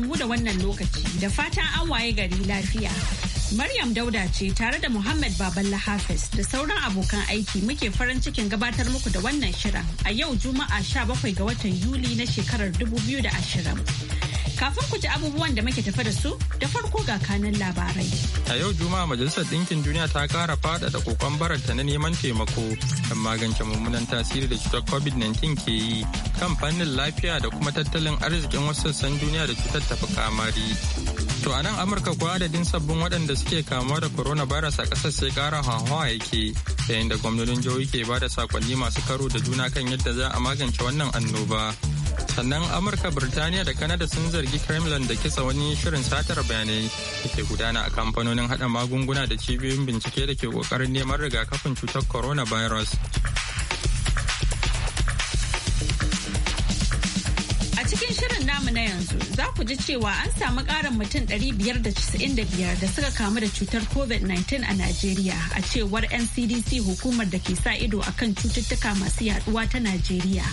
mu da wannan lokaci da fatan an waye gari lafiya. Maryam Dauda ce tare da Muhammad Baballa Hafiz da sauran abokan aiki muke farin cikin gabatar muku da wannan shirin a yau Juma'a 17 ga watan Yuli na shekarar 2020. Kafin ku ji abubuwan da muke tafi da su, da farko ga kanan labarai. A yau Juma'a Majalisar Ɗinkin Duniya ta ƙara faɗaɗa kokon bararta na neman taimako don magance mummunan tasiri da cutar COVID-19 ke yi kan fannin lafiya da kuma tattalin arzikin wasu sassan duniya da cutar tafi kamari. To a nan Amurka kuwa adadin sabbin waɗanda suke kamuwa da coronavirus a ƙasar sai ƙara hawa yake yayin da gwamnonin jihohi ke ba da sakonni masu karo da juna kan yadda za a magance wannan annoba. sannan amurka birtaniya da kanada sun zargi kremlin da kisa wani shirin satar bayanai da ke gudana a kamfanonin hada magunguna da cibiyoyin bincike da ke kokarin neman rigakafin cutar coronavirus a cikin shirin namu na yanzu za ku ji cewa an samu ƙarin mutum 595 da suka kamu da cutar covid-19 a najeriya a cewar ncdc hukumar da ke sa ido akan cututtuka masu yaduwa ta najeriya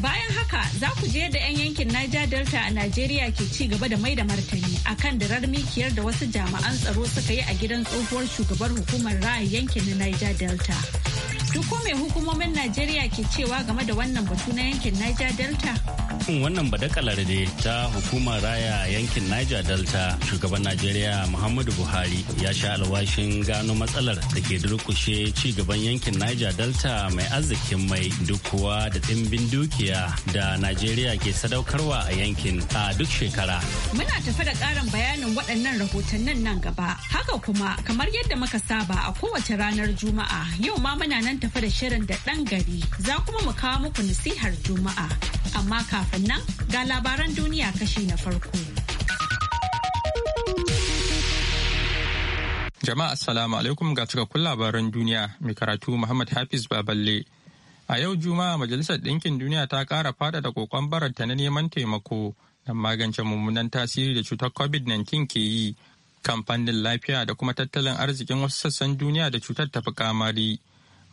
Bayan haka za ku je da 'yan yankin Niger Delta a Najeriya ke ci gaba da mai da martani akan dirar mikiyar da wasu jami'an tsaro suka yi a gidan tsohuwar shugabar hukumar ra'ayi yankin na Niger Delta. Duk mai hukumomin Najeriya ke cewa game da wannan batu na yankin Niger Delta? wannan badakalar da ta hukumar raya yankin Niger Delta shugaban Najeriya Muhammadu Buhari ya sha alwashin gano matsalar da ke durkushe ci gaban yankin Niger Delta mai arzikin mai duk kuwa da ɗimbin dukiya da Najeriya ke sadaukarwa a yankin a duk shekara. Muna tafi da ƙarin bayanin waɗannan rahotannin nan gaba. Haka kuma kamar yadda muka saba a kowace ranar Juma'a yau ma muna nan nan tafa da shirin da ɗan gari za kuma mu kawo muku nasihar Juma'a. Amma kafin nan ga labaran duniya kashi na farko. Jama'a Assalamu alaikum ga cikakkun labaran duniya mai karatu Muhammad Hafiz Baballe. A yau Juma'a Majalisar Ɗinkin Duniya ta ƙara faɗaɗa kokon bararta na neman taimako don magance mummunan tasiri da cutar COVID-19 ke yi kamfanin lafiya da kuma tattalin arzikin wasu sassan duniya da cutar tafi kamari.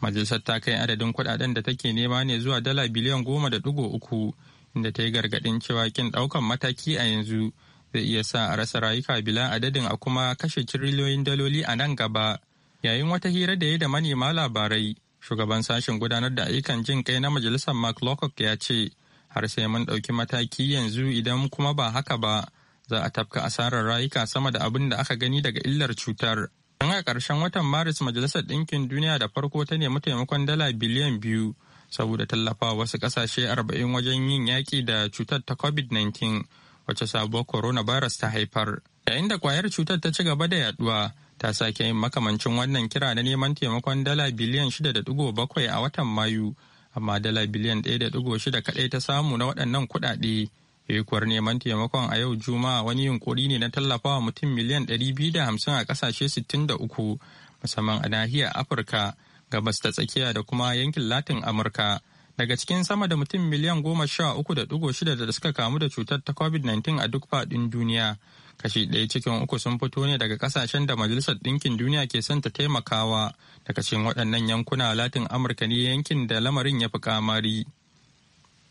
majalisar ta kai adadin kudaden da take nema ne zuwa dala biliyan goma da dugo uku inda ta yi gargadin cewa kin daukan mataki a yanzu zai iya sa a rasa rayuka bila adadin a kuma kashe tiriliyoyin daloli a nan gaba yayin wata hira da ya da manema labarai shugaban sashen gudanar da ayyukan jin kai na majalisar mark lockock ya ce har sai mun ɗauki mataki yanzu idan kuma ba haka ba za a tafka asarar rayuka sama da abin da aka gani daga illar cutar Tun a ƙarshen watan Maris Majalisar Ɗinkin Duniya da farko ta nemi taimakon dala biliyan biyu saboda tallafa wasu ƙasashe arba'in wajen yin yaƙi da cutar ta COVID-19 wacce sabuwar coronavirus ta haifar. Yayin da kwayar cutar ta ci gaba da yaduwa ta sake yin makamancin wannan kira na neman taimakon dala biliyan da 6.7 a watan Mayu, amma dala biliyan ɗaya da shida kaɗai ta samu na waɗannan kuɗaɗe. ekuwar neman taimakon a yau Juma'a wani yunkuri ne na tallafawa mutum miliyan 250 a kasashe 63 musamman a nahiyar Afirka, gabas ta tsakiya da kuma yankin Latin Amurka. Daga cikin sama da mutum miliyan goma sha 13.6 da suka kamu da cutar ta COVID-19 a duk faɗin duniya. Kashi ɗaya cikin uku sun fito ne daga kasashen da Majalisar Ɗinkin Duniya ke son ta taimakawa. Daga cikin waɗannan yankuna Latin Amurka ne yankin da lamarin ya fi kamari.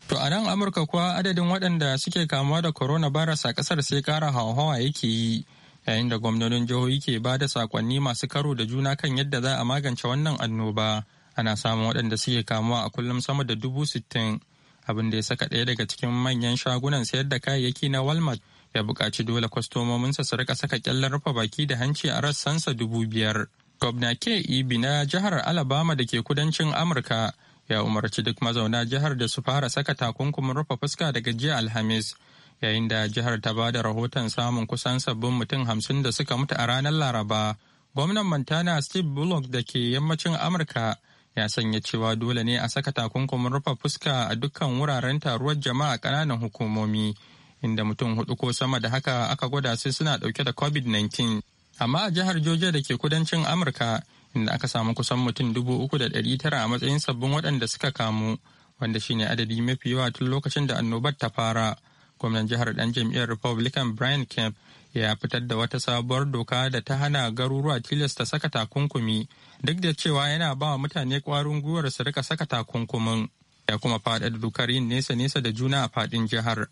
To a nan Amurka kuwa adadin waɗanda suke kamuwa da coronavirus a ƙasar sai ƙara hauhawa yake yi yayin da gwamnonin jihohi ke ba da sakonni masu karo da juna kan yadda za a magance wannan annoba ana samun waɗanda suke kamuwa a kullum sama da dubu sittin abin da ya saka ɗaya daga cikin manyan shagunan sayar da kayayyaki na Walmart ya buƙaci dole kwastomominsa su rika saka ƙyallar rufe baki da hanci a rassansa dubu biyar. Gwamna K. Ibi e na jihar Alabama da ke kudancin Amurka ya umarci duk mazauna jihar da su fara saka takunkumin rufe fuska daga jiya alhamis yayin da jihar ta ba da rahoton samun kusan sabbin mutum hamsin da suka mutu a ranar laraba gwamnan montana steve bullock da ke yammacin amurka ya sanya cewa dole ne a saka takunkumin rufe fuska a dukkan wuraren taruwar jama'a kananan hukumomi inda mutum hudu ko sama da haka aka gwada sai suna dauke da covid-19 amma a jihar georgia da ke kudancin amurka inda aka samu kusan mutum dubu uku da ɗari tara a matsayin sabbin waɗanda suka kamu wanda shine adadi mafi yawa tun lokacin da annobar ta fara gwamnan jihar dan jam'iyyar republican brian kemp ya fitar da wata sabuwar doka da ta hana garuruwa tilasta saka takunkumi duk da cewa yana ba wa mutane kwarin gwiwar su rika saka takunkumin ya kuma da dokar yin nesa-nesa da juna a faɗin jihar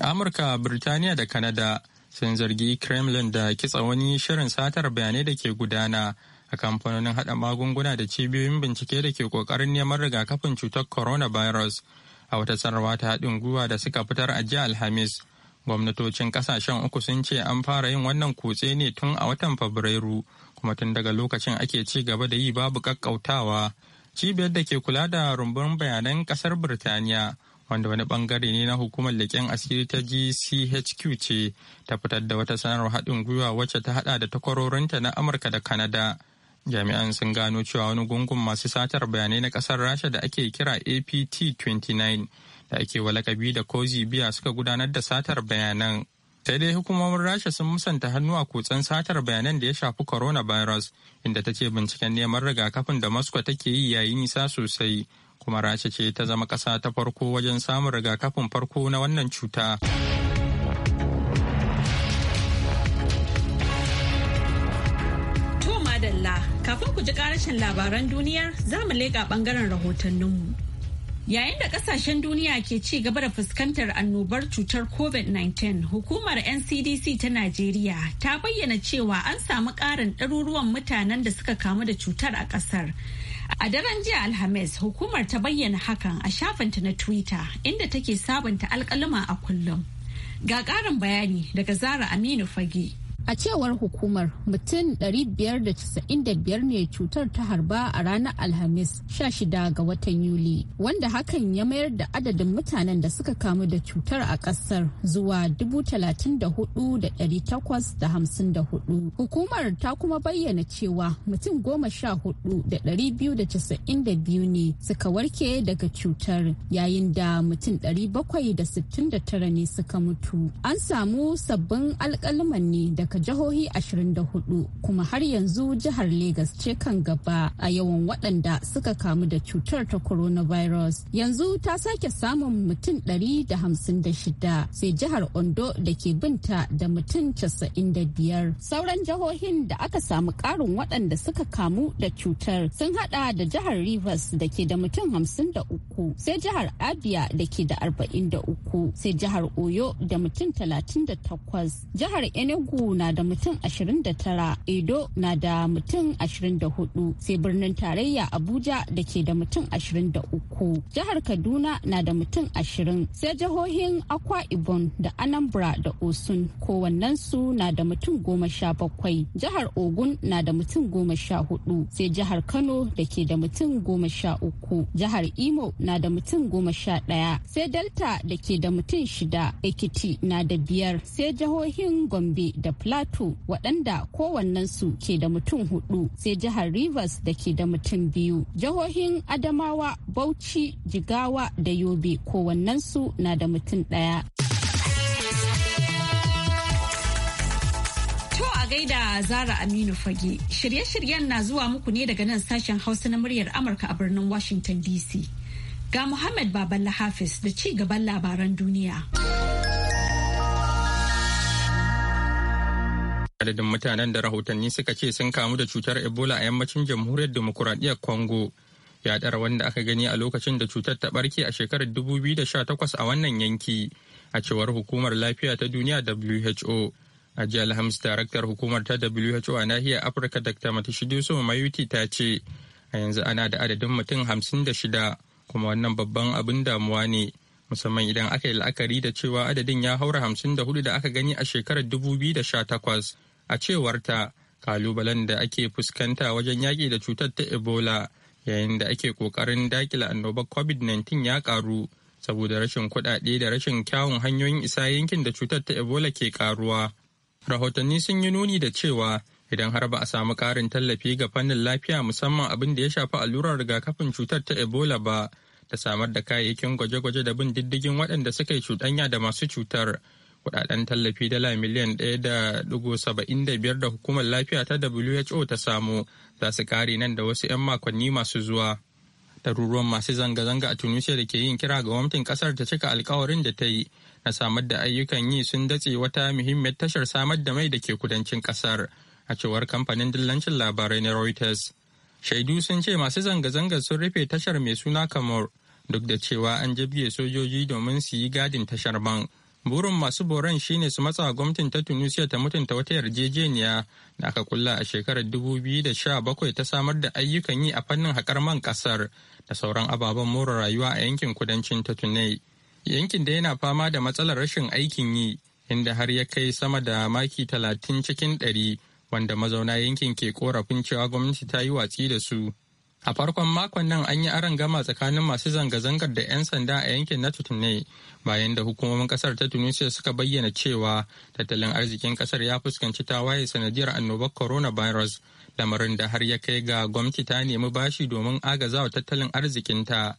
amurka birtaniya da kanada sun zargi kremlin da kitsa wani shirin satar bayanai da ke gudana a kamfanonin haɗa magunguna da cibiyoyin bincike da ke ƙoƙarin neman rigakafin cutar coronavirus a wata sarrafa ta haɗin gwiwa da suka fitar a jiya alhamis gwamnatocin ƙasashen uku sun ce an fara yin wannan kutse ne tun a watan fabrairu kuma tun daga lokacin ake ci gaba da yi babu ƙaƙƙautawa cibiyar da ke kula da rumbun bayanan ƙasar birtaniya wanda wani bangare ne na hukumar leƙen asiri ta GCHQ ce ta fitar da wata sanarwar haɗin gwiwa wacce ta haɗa da takwarorinta na Amurka da Kanada. Jami'an sun gano cewa wani gungun masu satar bayanai na ƙasar Rasha da ake kira APT-29 da ake walakabi da Kozi biya suka gudanar da satar bayanan. sai dai hukumomin rasha sun musanta hannu a kutsen satar bayanan da ya shafi coronavirus inda ta ce binciken neman rigakafin da moscow take yi yayin nisa sosai kuma rasha ce ta zama kasa ta farko wajen samun rigakafin farko na wannan cuta. to madalla kafin ku ji karashin labaran duniya za mu leƙa ɓangaren rahotanninmu. Yayin da kasashen duniya ke ci gaba da fuskantar annobar cutar COVID-19, hukumar NCDC ta Najeriya ta bayyana cewa an samu ƙarin ɗaruruwan mutanen da suka kamu da cutar a ƙasar. A daren jiya Alhamis, hukumar ta bayyana hakan a shafinta na Twitter inda take sabunta alkalima a kullum. Ga ƙarin bayani daga Zara Aminu Fage. A cewar hukumar mutum 595 ne cutar ta harba a ranar Alhamis 16 ga watan Yuli, wanda hakan ya mayar da adadin mutanen da suka kamu da cutar a ƙasar zuwa 34,854. Hukumar ta kuma bayyana cewa mutum 14,292 ne suka warke daga cutar yayin da mutum 769 ne suka mutu. An samu sabbin alƙaluman ne da daga jihohi 24 kuma har yanzu jihar Legas ce kan gaba a yawan waɗanda suka kamu da cutar ta coronavirus. Yanzu ta sake samun mutum 156 sai jihar Ondo da ke binta da mutum 95. Sauran jihohin da aka samu ƙarin waɗanda suka kamu da cutar sun haɗa da jihar Rivers da ke da mutum 53 sai jihar Abia da ke da 43 sai jihar Oyo da mutum 38 jihar Enugu na da mutum 29 edo na da mutum 24 sai birnin tarayya abuja da ke da mutum 23 jihar kaduna na da mutum 20 sai jihohin akwa ibom da anambra da osun su na da mutum bakwai, jihar ogun na da mutum 14 sai jihar kano da ke da mutum 13 jihar imo na da mutum 11 sai delta da ke da mutum shida, ekiti na da biyar sai jihohin gombe da plateau plateau waɗanda su ke da mutum hudu sai jihar rivers da ke da mutum biyu jihohin adamawa bauchi jigawa da yobe su na da mutum ɗaya. gaida Zara Aminu Fage. Shirye-shiryen na zuwa muku ne daga nan sashen Hausa na muryar Amurka a birnin Washington DC. Ga Muhammad Baballa Hafiz da ci gaban labaran duniya. Adadin mutanen da rahotanni suka ce sun kamu da cutar Ebola a yammacin jamhuriyar demokuraɗiyyar Congo ya ɗara wanda aka gani a lokacin da cutar ta ɓarke a shekarar 2018 a wannan yanki a cewar hukumar lafiya ta duniya WHO. A jiya Alhamis daraktar hukumar ta WHO a nahiyar Afirka Dr. Matashidiso Mayuti ta ce a yanzu ana da adadin mutum 56 kuma wannan babban abin damuwa ne. musamman idan aka yi la'akari da cewa adadin ya haura hamsin da hudu da aka gani a shekarar 2018 a cewarta kalubalen da ake fuskanta wajen yaƙi da cutar ta ebola yayin da ake ƙoƙarin dakila annobar covid-19 ya ƙaru saboda rashin kuɗaɗe da rashin kyawun hanyoyin isa yankin da cutar ta ebola ke ƙaruwa rahotanni sun yi nuni da cewa idan har ba a samu ƙarin tallafi ga fannin lafiya musamman abin da ya shafi allurar rigakafin cutar ta ebola ba da samar da kayayyakin gwaje-gwaje da bin diddigin waɗanda suka yi cuɗanya da masu cutar kudaden tallafi dala miliyan 1.75 da biyar da hukumar lafiya ta WHO ta samu za su kare nan da wasu 'yan makonni masu zuwa. daruruwan masu zanga-zanga a Tunisia da ke yin kira ga gwamnatin kasar ta cika alkawarin da ta yi na samar da ayyukan yi sun datse wata muhimmiyar tashar samar da mai da ke kudancin kasar a cewar kamfanin dillancin labarai na Reuters. Shaidu sun ce masu zanga zanga sun rufe tashar mai suna kamar duk da cewa an jibge sojoji domin su yi gadin tashar bank. burin masu boron shine su matsa gwamnatin ta tunisia ta mutunta wata yarjejeniya da aka kulla a shekarar 2017 ta samar da ayyukan yi a fannin haƙar man ƙasar da sauran ababen more rayuwa a yankin kudancin ta tunai yankin da yana fama da matsalar rashin aikin yi inda har ya kai sama da maki talatin cikin 100 wanda mazauna yankin ke korafin cewa gwamnati ta yi watsi da su A farkon makon nan an yi aron gama tsakanin masu zanga-zangar da 'yan sanda a yankin na Tutune bayan da hukumomin kasar ta Tunisia suka bayyana cewa tattalin arzikin kasar ya fuskanci tawaye sanadiyar annobar coronavirus lamarin da har ya kai ga gwamnati ta nemi bashi domin agazawa tattalin arzikinta.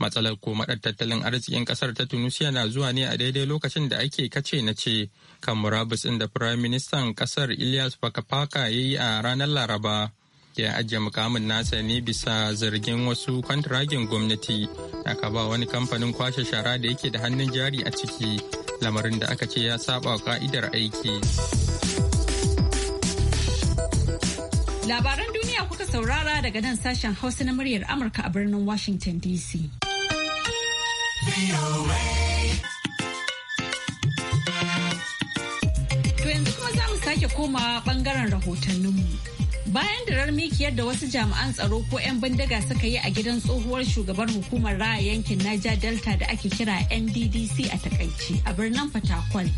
Matsalar komaɗar tattalin arzikin kasar ta Tunisia na zuwa ne a daidai lokacin da ake kace na ce kan murabus ɗin da Firayim Ministan kasar Ilyas Fakafaka ya yi a ranar Laraba. ke ajiye mukamin nasa ne bisa zargin wasu kwantiragin gwamnati aka ba wani kamfanin kwashe shara da yake da hannun jari a ciki lamarin da aka ce ya saba ka'idar aiki labaran duniya kuka saurara daga nan sashen hausa na muryar amurka a birnin washington dc To yanzu kuma za mu sake koma bangaren rahotanninmu. bayan da rarmiki yadda wasu jami'an tsaro ko 'yan bindiga suka yi a gidan tsohuwar shugabar hukumar raya yankin naja delta da ake kira nddc a takaici a birnin fatakwal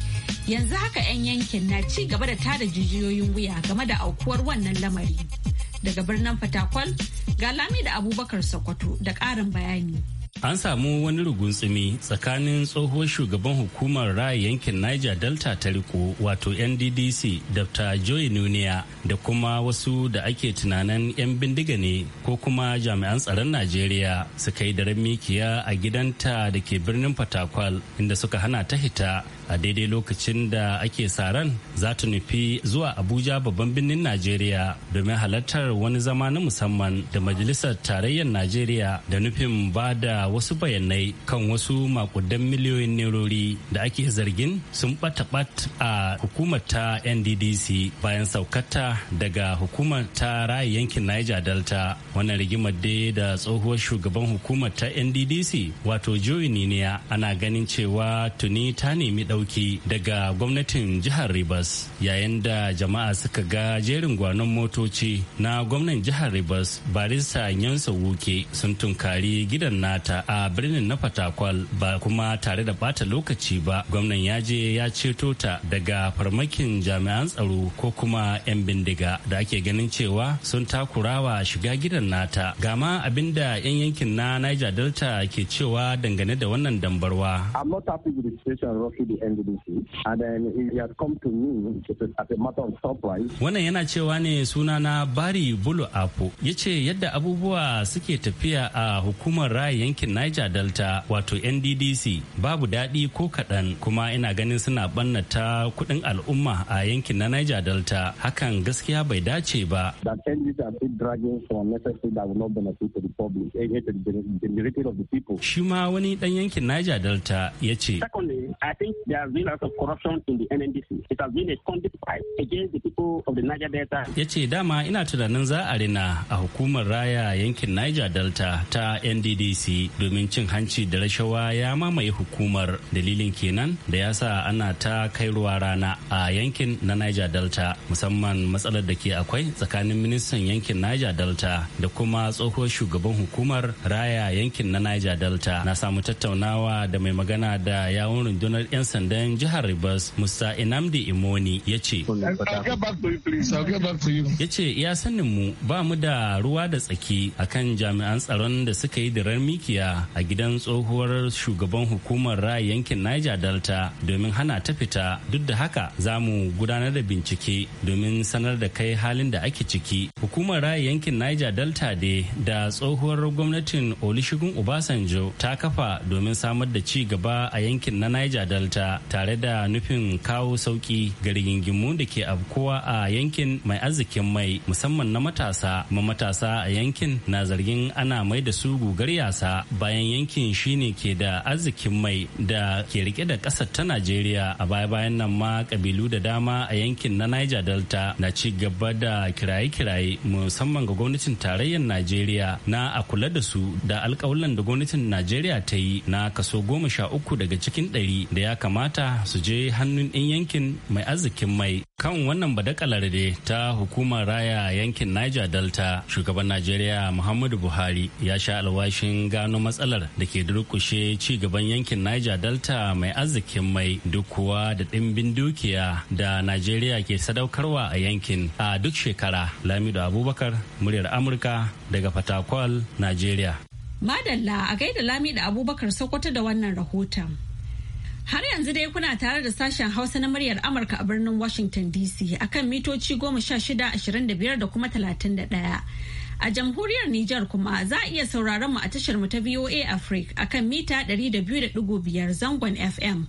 yanzu haka 'yan yankin na ci gaba da tada jijiyoyin wuya game da aukuwar wannan lamari daga birnin fatakwal ga lami da abubakar sokoto da ƙarin bayani An samu wani rugunsumi tsakanin tsohuwar shugaban hukumar raya yankin Niger Delta ta riko wato NDDC Dr. Joy Nuniya da kuma wasu da ake tunanin 'yan bindiga ne ko kuma jami'an tsaron Najeriya suka yi daren mikiya a gidanta da ke birnin Fatakwal inda suka hana ta hita a daidai lokacin da ake saran za ta nufi zuwa abuja babban birnin najeriya domin halartar wani zama na musamman da majalisar tarayyar najeriya da nufin ba da wasu bayanai kan wasu makudan miliyoyin nerori da ake zargin sun bata bat a hukumar ta nddc bayan saukata daga hukumar ta rayu yankin niger delta wannan rigimar dai da tsohuwar shugaban hukumar ta nddc wato joey niniya ana ganin cewa tuni ta nemi ɗauki daga gwamnatin jihar Rivers yayin da jama'a suka ga jerin gwanon motoci na gwamnan jihar Rivers barista Nyansa Wuke sun tunkari gidan nata a birnin na Fatakwal ba kuma tare da bata lokaci ba gwamnan ya je ya ceto ta daga farmakin jami'an tsaro ko kuma 'yan bindiga da ake ganin cewa sun takurawa shiga gidan nata gama abinda 'yan yankin na Niger Delta ke cewa dangane da wannan dambarwa. I'm not happy with the situation roughly the NDC and then he has come to me as a matter of surprise. Wannan yana cewa ne suna na Bari Bulu Apo ya ce yadda abubuwa suke tafiya a hukumar raya yankin Niger Delta wato NDDC babu daɗi ko kaɗan kuma ina ganin suna ɓannata kuɗin al'umma a yankin na Niger Delta hakan gaskiya bai dace ba. That NDC are still dragging some necessary that will not benefit the public, Shi ma wani ɗan yankin Niger Delta ya ce. Secondly, I think there has been a lot of corruption in the NNDC. It has been a conduit fight against the people of the Niger Delta. Ya dama ina tunanin za a rina a hukumar raya yankin Niger Delta ta NDDC domin cin hanci da rashawa ya mamaye hukumar dalilin kenan da yasa ana ta kai ruwa rana a yankin na Niger Delta musamman matsalar da ke akwai tsakanin ministan yankin Niger Delta da kuma tsohuwar shugaban hukumar raya yankin na Niger Delta na samu tattaunawa da mai magana da yawon rundunar gwamnar 'yan sandan jihar Rivers Musa Inamdi Imoni ya ce. Ya ce ya sanin mu ba mu da ruwa da tsaki akan jami'an tsaron da suka yi dirar mikiya a gidan tsohuwar shugaban hukumar raya yankin Niger Delta domin hana ta fita duk da haka za mu gudanar da bincike domin sanar da kai halin da ake ciki. Hukumar raya yankin Niger Delta de da tsohuwar gwamnatin Olusegun Obasanjo ta kafa domin samar da ci gaba a yankin na Niger delta tare da nufin kawo sauki ga rigingimu da ke afkuwa a yankin mai arzikin mai musamman na matasa ma matasa a yankin na zargin ana mai da su gugar yasa bayan yankin shine ke da arzikin mai da ke rike da ƙasa ta najeriya a baya-bayan nan ma kabilu da dama a yankin na niger delta na ci gaba da kiraye-kiraye musamman ga gwamnatin tarayyar najeriya na a kula da su da alkawalan da gwamnatin najeriya ta yi na kaso goma sha uku daga cikin ɗari da ya kamata su je hannun 'yan yankin mai arzikin mai kan wannan badakalar da ta hukumar raya yankin niger delta shugaban najeriya muhammadu buhari ya sha alwashin gano matsalar da ke durkushe ci gaban yankin niger delta mai arzikin mai duk kuwa da ɗimbin dukiya da najeriya ke sadaukarwa a yankin a duk shekara lamido abubakar muryar amurka daga fatakwal najeriya madalla a gaida Lami da abubakar sokoto da wannan rahoton Har yanzu dai kuna tare da sashen Hausa na muryar Amurka a birnin Washington DC akan mitoci goma sha shida ashirin da biyar da kuma talatin da ɗaya. A jamhuriyar Nijar kuma za a iya sauraron mu a tashar mu ta VOA Africa akan mita ɗari da biyu da biyar zangon FM.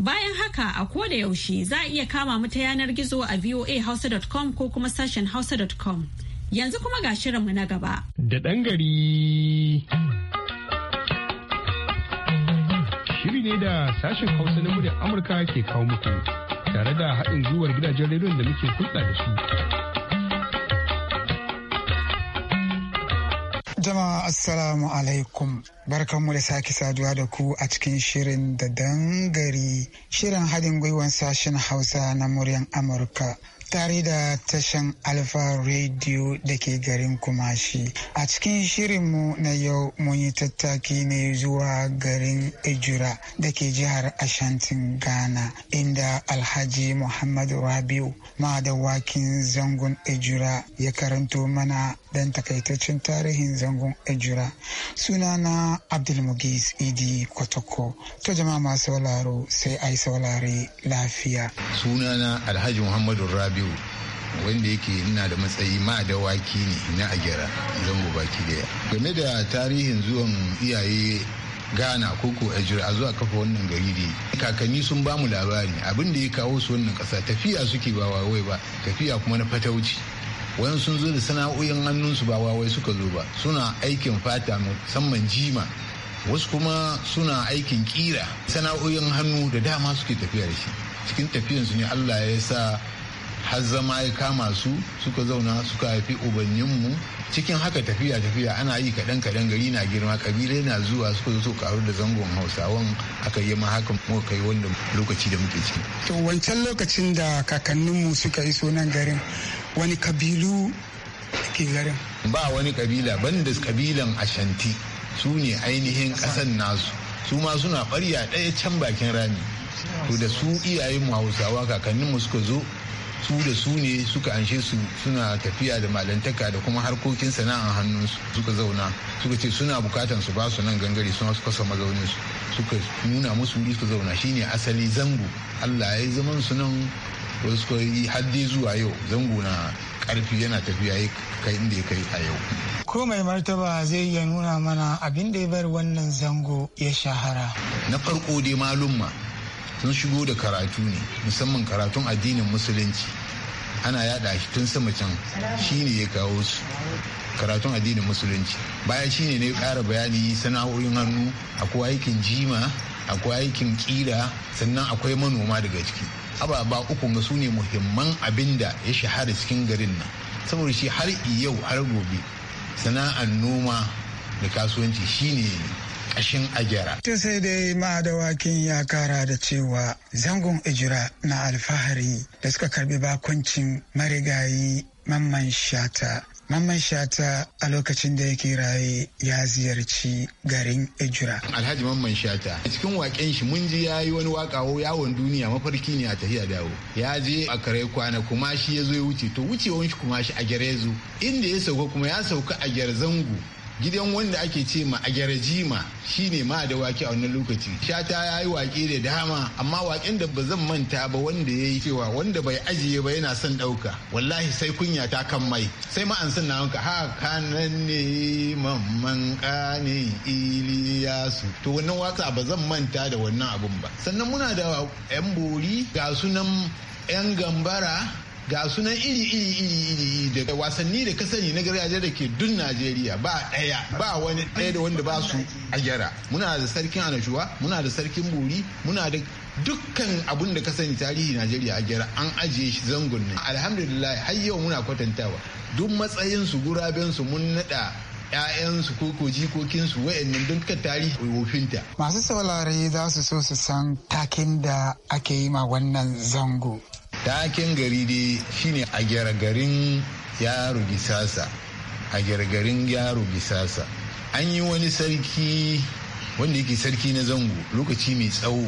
Bayan haka a koda yaushe za a iya kama mu ta yanar gizo a voahausa.com ko kuma sashen hausa.com. Yanzu kuma ga shirinmu na gaba. Da ɗan gari. Shiri ne da sashen Hausa na muryar Amurka ke kawo muku tare da haɗin gwiwar gidajen rediyon da muke hulɗa da su. Jama'a Assalamu alaikum barkanmu da sake saduwa da ku a cikin shirin da dangari shirin haɗin gwiwar sashen Hausa na muryar Amurka. tare da tashan Alfa Radio da ke garin Kumashi. A cikin shirinmu na yau mun yi tattaki ne zuwa garin Ejura da ke jihar Ashantin Ghana inda Alhaji Muhammadu Rabiu ma da wakin zangon Ejura ya karanto mana dan takaitaccen tarihin zangon Ejura. Sunana Abdulmugis Idi Kotoko. To jama'a masu sai ai saurare lafiya. Sunana Alhaji Muhammadu Rabiu yau wanda yake ina da matsayi ma da waki ne na agera zango baki daya game da tarihin zuwan iyaye ghana koko ajira a zuwa kafa wannan gari ne kakanni sun bamu labari abin da ya kawo su wannan kasa tafiya suke ba wawai ba tafiya kuma na fatauci wayan sun zo da sana'o'in hannunsu ba wawai suka zo ba suna aikin fata musamman jima wasu kuma suna aikin kira sana'o'in hannu da dama suke tafiya da shi cikin tafiyansu ne allah ya sa har zama ya kama su suka zauna suka haifi ubanninmu cikin haka tafiya tafiya ana yi kaɗan kaɗan gari na girma kabila na zuwa suka zo karu da zangon hausawan aka yi mahakan muka kai wanda lokaci da muke ciki. to wancan lokacin da kakanninmu suka iso nan garin wani kabilu ke garin. ba wani kabila banda kabilan ashanti su ne ainihin ƙasan nasu su ma suna ɓarya ɗaya can bakin rami to da su iyayen mu hausawa kakanninmu suka zo su da su ne suka anshe su suna tafiya da malantaka da kuma harkokin sana'ar hannunsu suka zauna suka ce suna bukatan su ba su nan gangare suna su kasa mazaunin su suka nuna musu wuri suka zauna shine asali zango Allah ya yi zaman su nan wasu suka yi haddi zuwa yau zango na karfi yana tafiya ya kai inda ya kai a yau. Ko mai martaba zai iya nuna mana abin da ya bar wannan zango ya shahara. Na farko dai malumma sun shigo da karatu ne musamman karatun addinin musulunci ana yada shi tun sama can shine ya kawo su karatun addinin musulunci baya shine ne kara bayani sana'o'in hannu akwai aikin jima akwai aikin kira sannan akwai manoma daga ciki ababa uku ga su ne muhimman abin da ya shahara cikin garin nan saboda shi har yau har gobe sana'ar noma da kasuwanci shine ƙashin ajera. Tun sai dai ma'adawakin ya kara da cewa zangon ijira na alfahari da suka karbi bakuncin marigayi mamman shata Mamman Shata a lokacin da yake raye ya ziyarci garin Ejura. Alhaji Mamman Shata cikin waken shi mun ji ya yi wani waƙawo yawon duniya mafarki ne a tafiya dawo. Ya je a kare kwana kuma shi ya zo ya wuce to wuce shi kuma shi a ya zo inda ya sauka kuma ya sauka a gyar zango gidan wanda ake ce ma a garajima shine ma da wake a wannan lokaci shata ya yi wake da dama amma waken da ba zan manta ba wanda ya yi cewa wanda bai ajiye ba yana son ɗauka wallahi sai kunya ta kan mai sai ma an na wanka ha kanan ne mamman kane iliyasu to wannan waka ba zan manta da wannan abun ba sannan muna da yan bori ga sunan yan gambara ga sunan iri iri iri iri da wasanni da ka sani na gargajiya da ke dun najeriya ba ɗaya ba wani ɗaya da wanda ba su a gyara muna da sarkin anashuwa muna da sarkin buri muna da dukkan abun da ka sani tarihi najeriya a gyara an ajiye shi zangon ne alhamdulillah har yau muna kwatantawa duk matsayin su guraben su mun naɗa ‘ya'yansu ko ko jikokinsu wa'annan dukkan tarihi wofinta. Masu saurare za su so su san takin da ake yi ma wannan zango taken gari dai shine a gyara yaro gisasa a gyara yaro gisasa an yi wani sarki wanda yake sarki na zango lokaci mai tsawo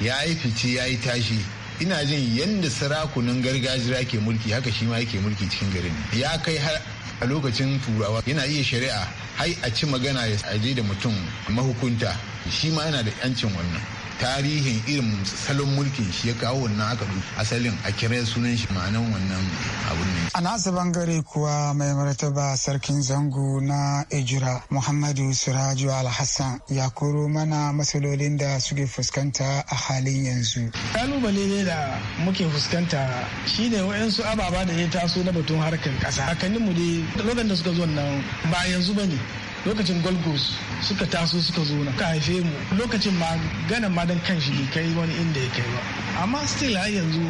ya yi fice ya yi tashi ina jin yadda sarakunan gargajiya ke mulki haka shi ma yake mulki cikin garin ya kai har a lokacin turawa yana iya shari'a hai a ci magana ya aje da mutum mahukunta shi ma yana da yancin wannan tarihin irin salon mulkin shi ya kawo wannan aka asalin a kira sunan shi ma'anan wannan abun ne. A nasa bangare kuwa mai martaba sarkin zango na Ejira Muhammadu Siraju Alhassan ya koro mana matsalolin da suke fuskanta a halin yanzu. Kalubale ne da muke fuskanta shine wayansu ababa da ya taso na batun harkar kasa. mu dai lokacin da suka zo nan ba yanzu ba ne. lokacin golgos suka taso suka zo na ka haife mu lokacin ma ganin ma dan kan shi kai wani inda ya kai ba amma still har yanzu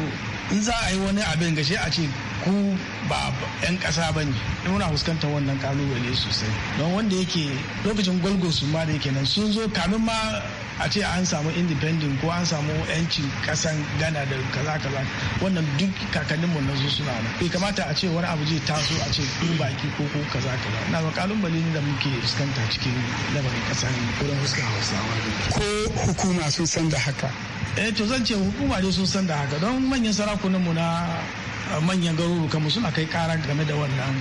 in za a yi wani abin gashe a ce ku ba 'yan ƙasa ba ne muna fuskantar wannan kalubale sosai don wanda yake lokacin golgos ma da yake nan sun zo kamin ma a ce an samu independent ko an samu yancin kasan gana da kaza kaza wannan duk kakannin mu nazo suna nan bai kamata a ce wani abu zai taso a ce ku baki ko ko kaza kaza na ga kalubale da muke fuskanta cikin labarin kasan wurin fuskar hausawa ko hukuma sun san da haka eh to zan ce hukuma dai sun san da haka don manyan sarakunan mu na manyan garuruka suna kai kara game da wannan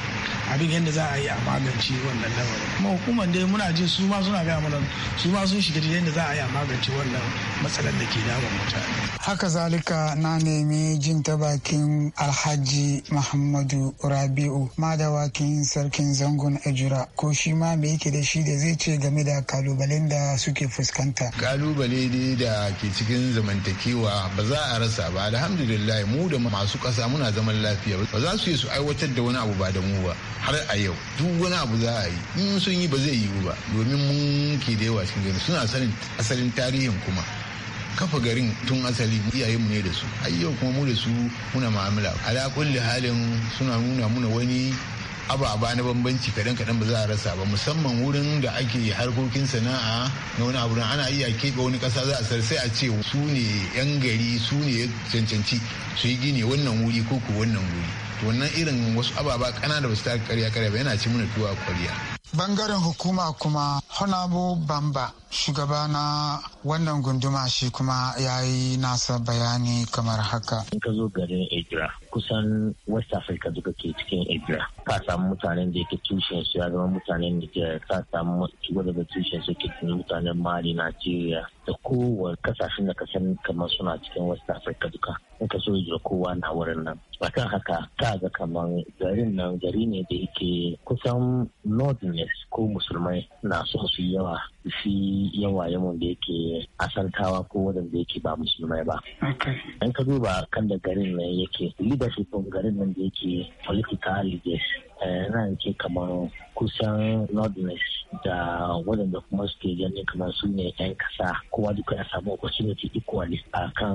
abin yadda za a yi a magance wannan lamarin kuma hukumar dai muna jin su ma suna gaya mana su ma sun shiga yadda za a yi a magance wannan matsalar da ke damun mutane haka zalika na nemi jin ta bakin alhaji muhammadu rabi'u madawakin sarkin zangon ajura ko shi ma me yake da shi da zai ce game da kalubalen da suke fuskanta kalubale ne da ke cikin zamantakewa ba za a rasa ba alhamdulillah mu da masu kasa muna zaman lafiya ba za su yi su aiwatar da wani abu ba da mu ba har a yau duk wani abu za a yi in sun yi ba zai yiwu ba domin mun ke da yawa cikin gani suna sanin asalin tarihin kuma kafa garin tun asali iyayen mu ne da su ayyau yau kuma mu da su muna ma'amala ala kulli halin suna nuna muna wani ababa na bambanci kadan kaɗan ba za a rasa ba musamman wurin da ake harkokin sana'a na wani abu ana iya keɓe wani ƙasa za a sar sai a ce su ne yan gari su ne cancanci su yi gini wannan wuri ko ku wannan wuri wannan irin wasu ababa kana da wasu ta karya karya ba yana ci mana tuwa kwariya bangaren hukuma kuma honabu bamba shugaba na wannan gunduma shi kuma ya yi nasa bayani kamar haka in ka zo garin ejira kusan west africa duka ke cikin ejira ka samu mutanen da yake tushen su ya zama mutanen nigeria ka samu shigo daga tushen su ke cikin mutanen mali nigeria da kowane kasashen da kasan kamar suna cikin west africa duka in ka zo ejira kowa na wurin nan akan haka ta ga kaman garin nan gari ne da yake kusan northerners ko musulmai na son su yawa shi yawa yawan da yake asaltawa ko wadanda yake ba musulmai ba. Yan ka duba kan da garin nan yake leadership garin nan da yake political leaders eh, n'a yake kamar kusan northwest da waɗanda kuma suke ganin kamar su ne 'yan kasa kowa duka ya samu opportunity equally a kan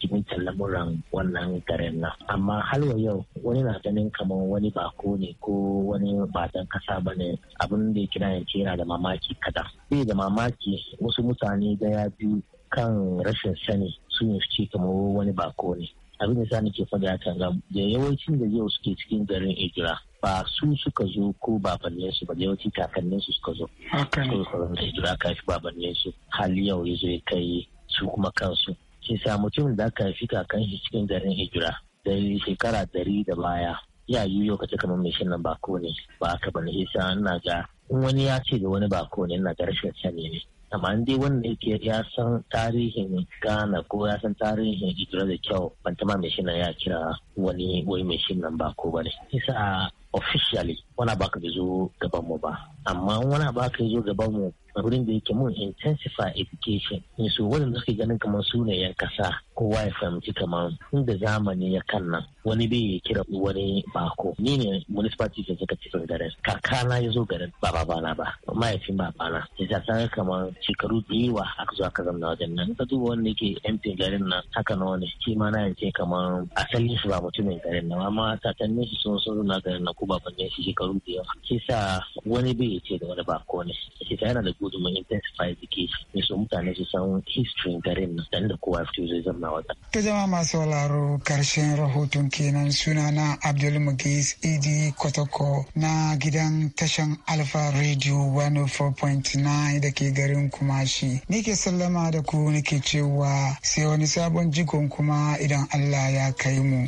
jimintar lamuran wannan garin nan amma har yau wani na ganin kamar wani bako ne ko wani ba kasa ba ne abin da ya kira yanke yana da mamaki kada bai da da mamaki wasu mutane daya biyu kan rashin sani sun yi fice kamar wani bako ne abin da sani ke faɗi a ga da yawancin da yau suke cikin garin ijira ba su suka zo ko babannin su ba da yawanci kakannin su suka zo so ka fi babannin su hali yau ya zo ya kai su kuma kansu ke sa mutum da aka fi kakan shi cikin garin hijira? da shekara dari da baya ya yi yau ka kamar mai shi nan bako ne ba aka bane ne ina ga in wani ya ce da wani bako ne na da sani ne amma dai wani yake ya san tarihin Ghana ko ya san tarihin Idris da kyau ban tama mai shinan ya kira wani wai mai shinan ba ko bane isa officially wana baka bai zo gaban mu ba amma wani baka zo gaban mu wurin da yake mun intensify education ne su waɗanda suke ganin kamar su ne yan kasa kowa ya fahimci kamar inda zamani ya kan nan wani bai ya kira wani bako ni ne municipal chief in suka cikin garin kakana ya zo garin ba babana ba mahaifin babana ya sa sanar kamar shekaru da yawa aka zo aka zama wajen nan ka duba wanda yake MP garin nan haka na wani shi ma na yace kamar asalin su ba mutumin garin nan amma tatannin su sun sun na garin nan ko babannin shi shekaru da yawa shi sa wani bai ya ce da wani bako ne shi yana da gudu mu intensify case ne su mutane su san history garin nan dan da kowa su zai zama wata. Ka jama masu walaro karshen rahoton kenan suna na abdul mugis idi kotoko na gidan tashan alfa radio 104.9 da ke garin kumashi ni ke sallama da ku nake cewa sai wani sabon jigon kuma idan allah ya kai mu.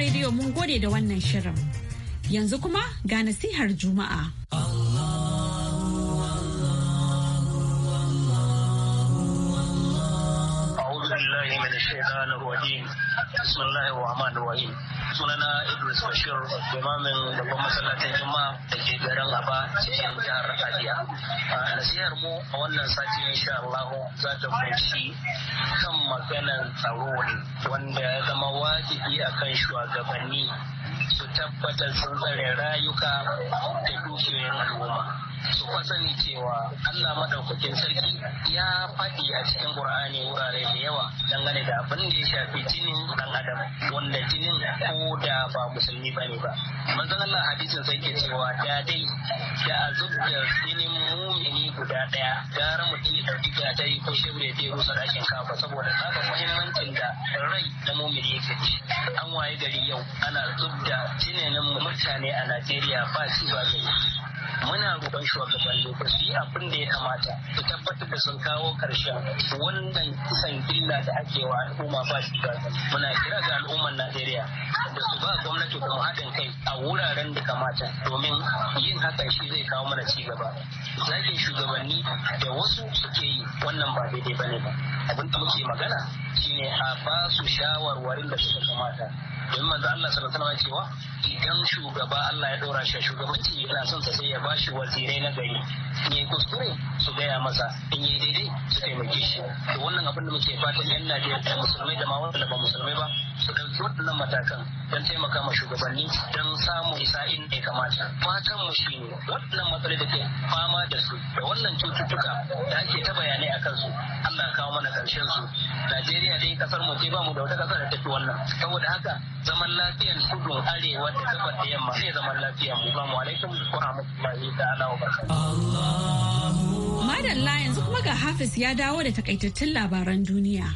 rediyo mun gode da wannan shirin. Yanzu kuma ga nasihar Juma'a. Allah. من الشيطان الرجيم بسم الله الرحمن الرحيم sunana Idris Bashir limamin babban masallacin Juma'a da ke garin Aba cikin jihar Hadiya. Nasihar mu a wannan sati insha Allah kunshi kan maganan tsaro ne wanda ya zama wajibi akan shugabanni su tabbatar sun tsare rayuka da dukiyoyin al'umma su kwasani cewa Allah madaukakin sarki ya faɗi a cikin Qur'ani wurare da yawa dangane da abin da ya shafi jinin dan adam wanda jinin ko da ba musulmi bane ba manzon Allah hadisin sai ke cewa da dai da zubda jinin mumini guda daya gara mutum ya dauki da dai ko shebre ya je rusa dakin kafa saboda tsabar muhimmancin da rai da mumini yake ci an waye gari yau ana zubda da jinanin mutane a Najeriya ba shi ba yi. Muna roƙon shugaban Lagos su yi abin da ya kamata su tabbatar da sun kawo ƙarshen wannan kisan gilla da ake wa al'umma ba shi ba Muna kira ga al'ummar Najeriya da su ba gwamnati da haɗin kai a wuraren da kamata domin yin haka shi zai kawo mana ci gaba. Zagin shugabanni da wasu suke yi wannan ba daidai ba ne ba. Abin da muke magana shine a ba su shawarwarin da suka kamata. don manzo Allah sallallahu alaihi cewa idan shugaba Allah ya dora shi shugabanci yana son sa sai ya bashi wazirai na gari in yi kuskure su gaya masa in yi daidai su taimake shi to wannan abin da muke fatan yan Najeriya musulmai da ma wanda ba musulmai ba su ɗauki waɗannan matakan don taimaka ma shugabanni don samun isa'in in ya kamata. Fatan mu shi ne waɗannan da ke fama da su da wannan cututtuka da ake ta bayanai a kansu Allah kawo mana ƙarshen su. Najeriya dai kasar mu ce ba mu da wata ƙasar da tafi wannan. Saboda haka zaman lafiyan kudu arewa da gabar da yamma zai zaman lafiya mu ba mu alaikum wa rahmatullahi ta'ala wa barakatuh. Madalla yanzu kuma ga Hafiz ya dawo da takaitattun labaran duniya.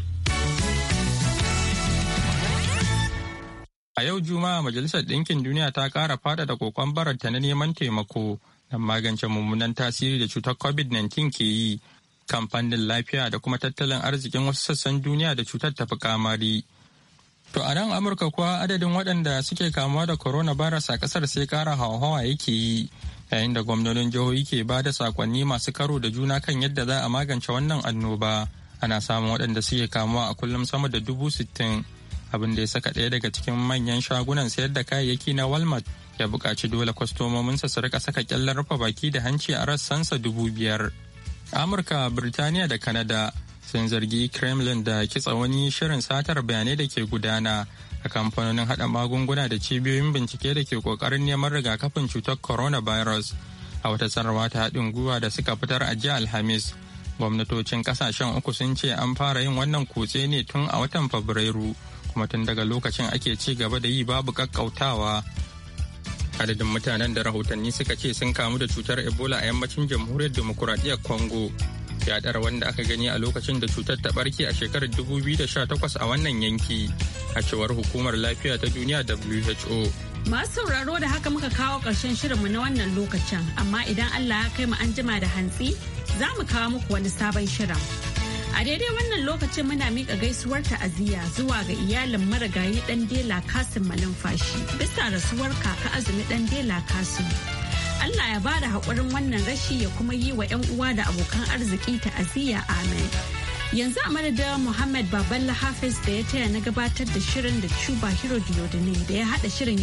A yau Juma'a Majalisar Ɗinkin Duniya ta ƙara faɗaɗa kokon baranta na neman taimako don magance mummunan tasiri da cutar COVID-19 ke yi kamfanin lafiya da kuma tattalin arzikin wasu sassan duniya da cutar tafi kamari. To a nan Amurka kuwa adadin waɗanda suke kamuwa da coronavirus a ƙasar sai ƙara hauhawa yake yi yayin da gwamnonin jihohi ke ba da sakonni masu karo da juna kan yadda za a magance wannan annoba. Ana samun waɗanda suke kamuwa a kullum sama da dubu sittin. abin da ya saka ɗaya daga cikin manyan shagunan sayar da kayayyaki na walmart ya buƙaci dole kwastomominsa su rika saka ƙyallar rufe baki da hanci a rassansa dubu biyar amurka birtaniya da kanada sun zargi kremlin da kitsa wani shirin satar bayanai da ke gudana a kamfanonin haɗa magunguna da cibiyoyin bincike da ke ƙoƙarin neman rigakafin cutar coronavirus a wata sanarwa ta haɗin gwiwa da suka fitar a jiya alhamis gwamnatocin ƙasashen uku sun ce an fara yin wannan kutse ne tun a watan fabrairu kuma tun daga lokacin ake ci gaba da yi babu kakkautawa adadin mutanen da rahotanni suka ce sun kamu da cutar ebola a yammacin jamhuriyar demokuraɗiyyar kongo ya wanda aka gani a lokacin da cutar ta ɓarke a shekarar da sha 2018 a wannan yanki a cewar hukumar lafiya ta duniya who masu sauraro da haka muka kawo ƙarshen shirinmu na wannan lokacin amma idan allah ya kai mu an jima da hantsi za mu kawo muku wani sabon shirin. A daidai wannan lokacin muna mika gaisuwar ta'aziyya zuwa ga iyalin marigayi dan Dela Kasim Malumfashi bisa rasuwar kaka azumi dan Dela Kasim. Allah ya bada haƙurin wannan rashi ya kuma yi wa 'yan uwa da abokan arziki ta'aziyya amen. Yanzu a madadin Muhammad Baballa Hafiz da ya taya na gabatar da shirin da Cuba Hero Diodine da ya haɗa shirin ya